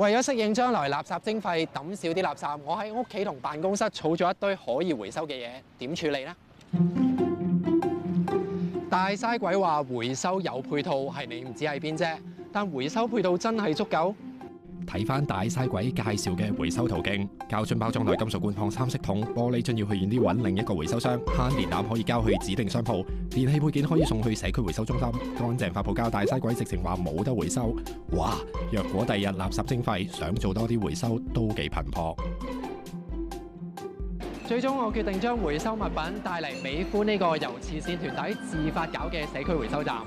為咗適應將來垃圾徵費，抌少啲垃圾，我喺屋企同辦公室儲咗一堆可以回收嘅嘢，點處理呢？ 大嘥鬼話回收有配套，係你唔知喺邊啫，但回收配套真係足夠？睇翻大嘥鬼介紹嘅回收途徑，膠樽包裝內金屬罐放三色桶，玻璃樽要去遠啲揾另一個回收商。慳電膽可以交去指定商鋪，電器配件可以送去社區回收中心。乾淨發泡膠，大嘥鬼直情話冇得回收。哇！若果第二日垃圾徵費，想做多啲回收都幾頻撲。最終我決定將回收物品帶嚟俾乎呢個由慈善團體自發搞嘅社區回收站。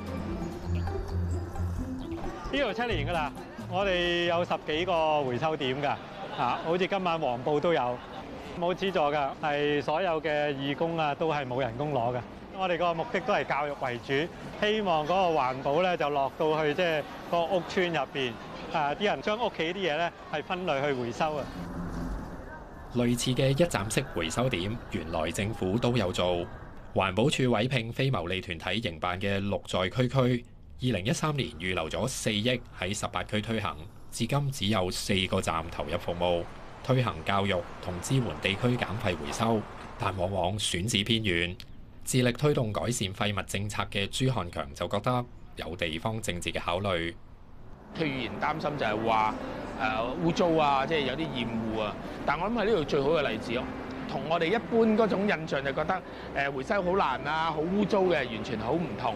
呢度七年㗎啦。我哋有十幾個回收點㗎，嚇，好似今晚黃埔都有。冇資助㗎，係所有嘅義工啊，都係冇人工攞㗎。我哋個目的都係教育為主，希望嗰個環保咧就落到去即係個屋邨入邊，啊啲人將屋企啲嘢咧係分類去回收啊。類似嘅一站式回收點，原來政府都有做。環保署委聘非牟利團體營辦嘅綠在區區。二零一三年預留咗四億喺十八區推行，至今只有四個站投入服務，推行教育同支援地區減費回收，但往往選址偏遠。致力推動改善廢物政策嘅朱漢強就覺得有地方政治嘅考慮。佢原擔心就係話誒污糟啊，即係有啲厭惡啊，但我諗係呢度最好嘅例子咯。同我哋一般嗰種印象就覺得誒回收好難啊，好污糟嘅，完全好唔同。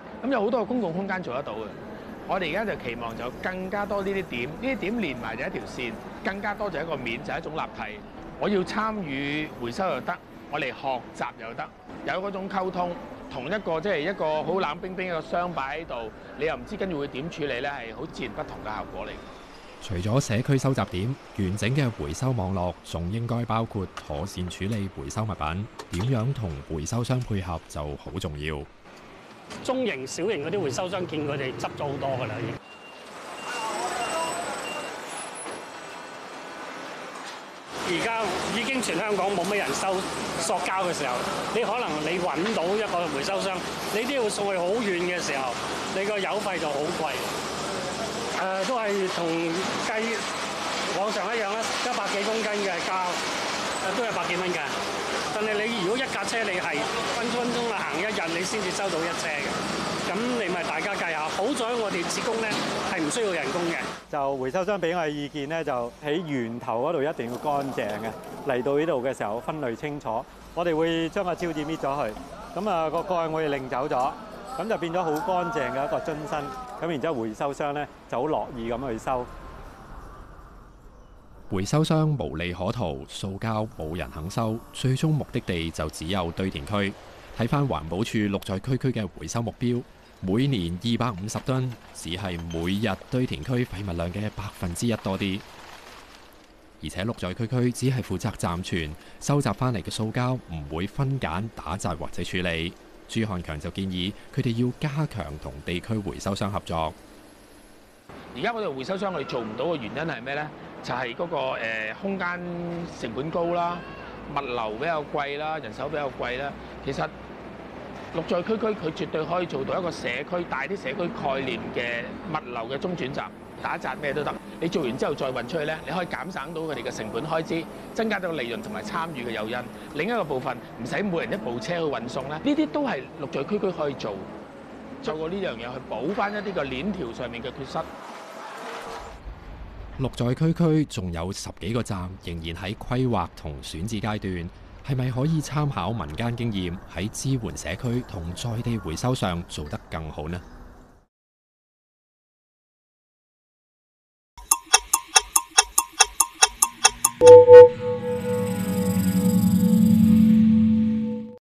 咁、嗯、有好多公共空間做得到嘅，我哋而家就期望就更加多呢啲點，呢啲點連埋就一條線，更加多就一個面，就是、一種立體，我要參與回收又得，我嚟學習又得，有嗰種溝通，同一個即係、就是、一個好冷冰冰的一個箱擺喺度，你又唔知跟住會點處理咧，係好截然不同嘅效果嚟。除咗社區收集點，完整嘅回收網絡仲應該包括妥善處理回收物品，點樣同回收商配合就好重要。中型、小型嗰啲回收商見佢哋執咗好多噶啦，而家已經全香港冇乜人收塑膠嘅時候，你可能你揾到一個回收商，你都要送去好遠嘅時候，你個油費就好貴。誒，都係同計往常一樣啦，一百幾公斤嘅膠，都係百幾蚊㗎。但係你如果一架車，你係分分鐘啊行一日你先至收到一車嘅，咁你咪大家計下。好彩我哋志工咧係唔需要人工嘅，就回收商俾我嘅意見咧就喺源頭嗰度一定要乾淨嘅，嚟到呢度嘅時候分類清楚，我哋會將個膠紙搣咗佢，咁啊個蓋我哋擰走咗，咁就變咗好乾淨嘅一個樽身，咁然之後回收商咧就好樂意咁去收。回收商無利可圖，塑膠冇人肯收，最終目的地就只有堆填區。睇翻環保署綠在區區嘅回收目標，每年二百五十噸，只係每日堆填區廢物量嘅百分之一多啲。而且綠在區區只係負責暫存，收集翻嚟嘅塑膠唔會分揀、打雜或者處理。朱漢強就建議佢哋要加強同地區回收商合作。而家我哋回收商我哋做唔到嘅原因係咩呢？就係嗰個誒空間成本高啦，物流比較貴啦，人手比較貴啦。其實綠在區區佢絕對可以做到一個社區大啲社區概念嘅物流嘅中轉站，打雜咩都得。你做完之後再運出去咧，你可以減省到佢哋嘅成本開支，增加到利潤同埋參與嘅誘因。另一個部分唔使每人一部車去運送咧，呢啲都係綠在區區可以做，做過呢樣嘢去補翻一啲嘅鏈條上面嘅缺失。綠在區區仲有十幾個站仍然喺規劃同選址階段，係咪可以參考民間經驗，喺支援社區同在地回收上做得更好呢？